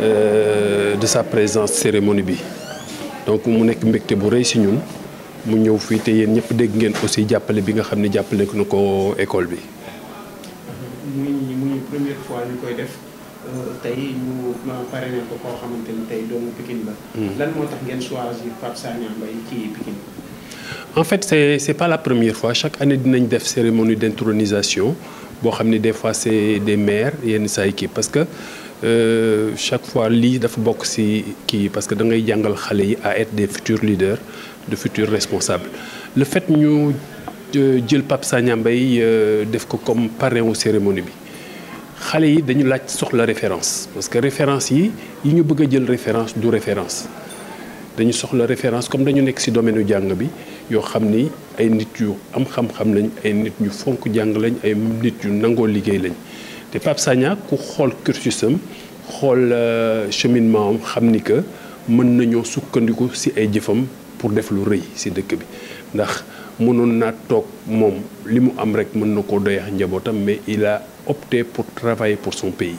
Euh, de sa présence cérémonie bi donc mu nek mbégte bu reuy si ñun mu ñëw fii te yeen ñep dégg ngeen aussi jappalé bi nga xamné jappalé ko nako école bi. muy muy première fois ñu koy def euh, tay ñu paré né ko ko xamante tay tey doomu Pikine la. Hmm. lan moo tax ngeen choisir Pape Sagna Mbaye ci Pikine. en fait c'est c'est pas la première fois chaque année dinañ def cérémonie d'intronisation bon, des fois c'est des maires et des parce que euh, chaque fois lii dafa bokk ci parce que da ngay yi à être des futurs leaders de futurs responsables le fait nous euh, jël Pape le pape euh, def ko comme parrain au cérémonie bi xale yi dañu la référence parce que référence yi yi ñu bëgg jël référence du référence dañu soxla référence comme dañu nek ci domaine jàng bi yo xamni ay nit yu am xam-xam lañ ay nit ñu fonk jàng lañ ay nit yu nango liggéey lañ té pap Sagna ku xol cursusum xol euh, cheminement xamni que mën nañu sukkandiku ci ay jëfam pour def lu reuy ci dëkk bi ndax mënoon naa toog moom li am rek mën nako doyax mais il a opté pour travailler pour son pays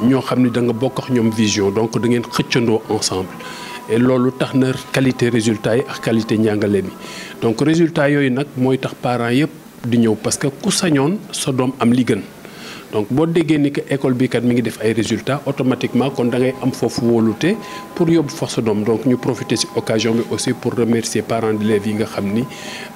ñoo xam ni da nga bokk ak ñoom vision donc da ngeen xëccandoo ensemble et loolu tax na qualité résultat yi ak qualité njàngale mi donc résultat yooyu nag mooy tax parents yëpp di ñëw parce que ku sañoon sa doom am li gën donc boo déggee ni que école bi kat mi ngi def ay résultats automatiquement kon da ngay am foofu wóolute pour yóbbu fa sa doom donc ñu profiter ci occasion bi aussi pour remercier parents d'élèves yi nga xam ni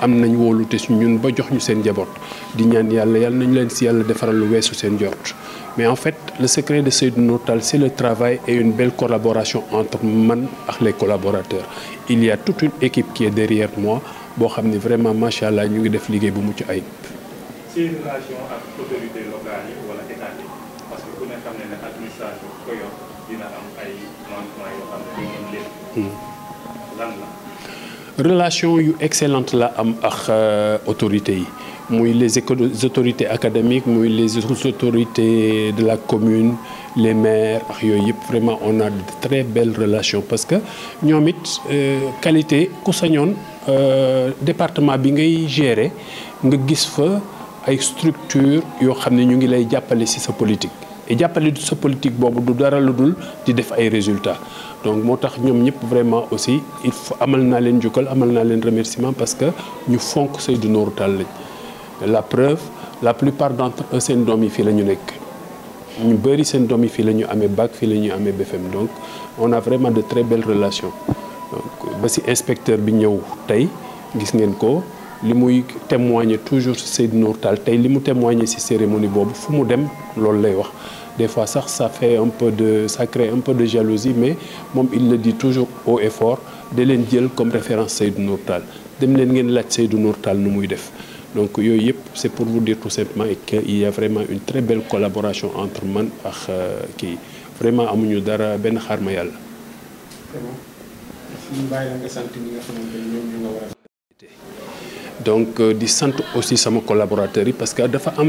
am nañ wóolute ci ñun ba jox ñu seen njaboot di ñaan yàlla yàlla nañu leen ci yàlla defaral lu weesu seen jort mais en fait, le secret de ce Notal, c'est le travail et une belle collaboration entre moi et les collaborateurs. Il y a toute une équipe qui est derrière moi. Bon, vraiment, machallah, nous avons fait des choses C'est une relation avec l'autorité locale ou l'État Parce que vous savez que l'administration, il y a des manquements, hmm. relation excellente avec l'autorité ak euh, les autorités académiques les autorités de la commune les maires vraiment on a de très belles relations parce que nous avons une qualité ku le euh, département bi ngay gérer nga gis fa ay structure yo xamné ne ñu ngi lay jappalé ci sa politique et jàppale sa politique bobu du dara lu dul di def ay résultats donc nous ñom ñep vraiment aussi il faut amal amal remerciement parce que ñu fonk Seydou du Tall la preuve la plupart d'entre eux sont doom yi fii la ñu nekk ñu bëri seen doom yi la ñu bac fii la ñu BFM donc on a vraiment de très belles relations donc ba si inspecteur bi ñëw tey gis ngeen ko li témoigner toujours sur Seydou Tal tey li témoigne témoigner si cérémonie boobu fu mu dem loolu lay wax des fois ça, ça fait un peu de ça crée un peu de jalousie mais moom il le dit toujours haut et fort da leen comme référence Seydou Tal dem leen ngeen laaj Seydou Tal nu muy def donc c'est pour vous dire tout simplement qu'il y a vraiment une très belle collaboration entre moi qui qui. vraiment amuñu dara ben donc euh, di sant aussi sama collaborateurs parce que dafa am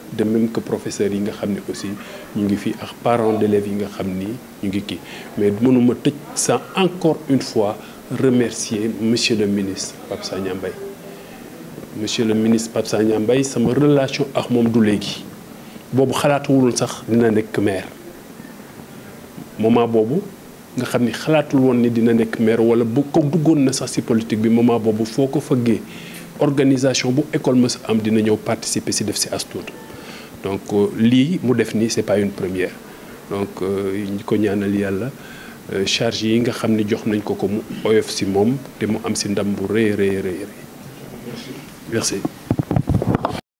de même que professeurs yi nga aussi ñu ngi parents d'élèves yi nga mais encore une fois remercier monsieur le ministre Pape Sagna monsieur le ministre Pape Sagna Mbaye sama relation ak moom du bobu xalatul won sax dina maire moment bobu nga xamni xalatul won ni dina nek maire wala bu ko na sax ci politique bi moment organisation bu école participer donc euh, lii mu def nii c'est pas une première donc euh, ñu ko ñaanal yàlla euh, charge yi nga xam ne jox nañ ko ko mu oyof si moom te am si ndam bu rëy rëy rëy merci.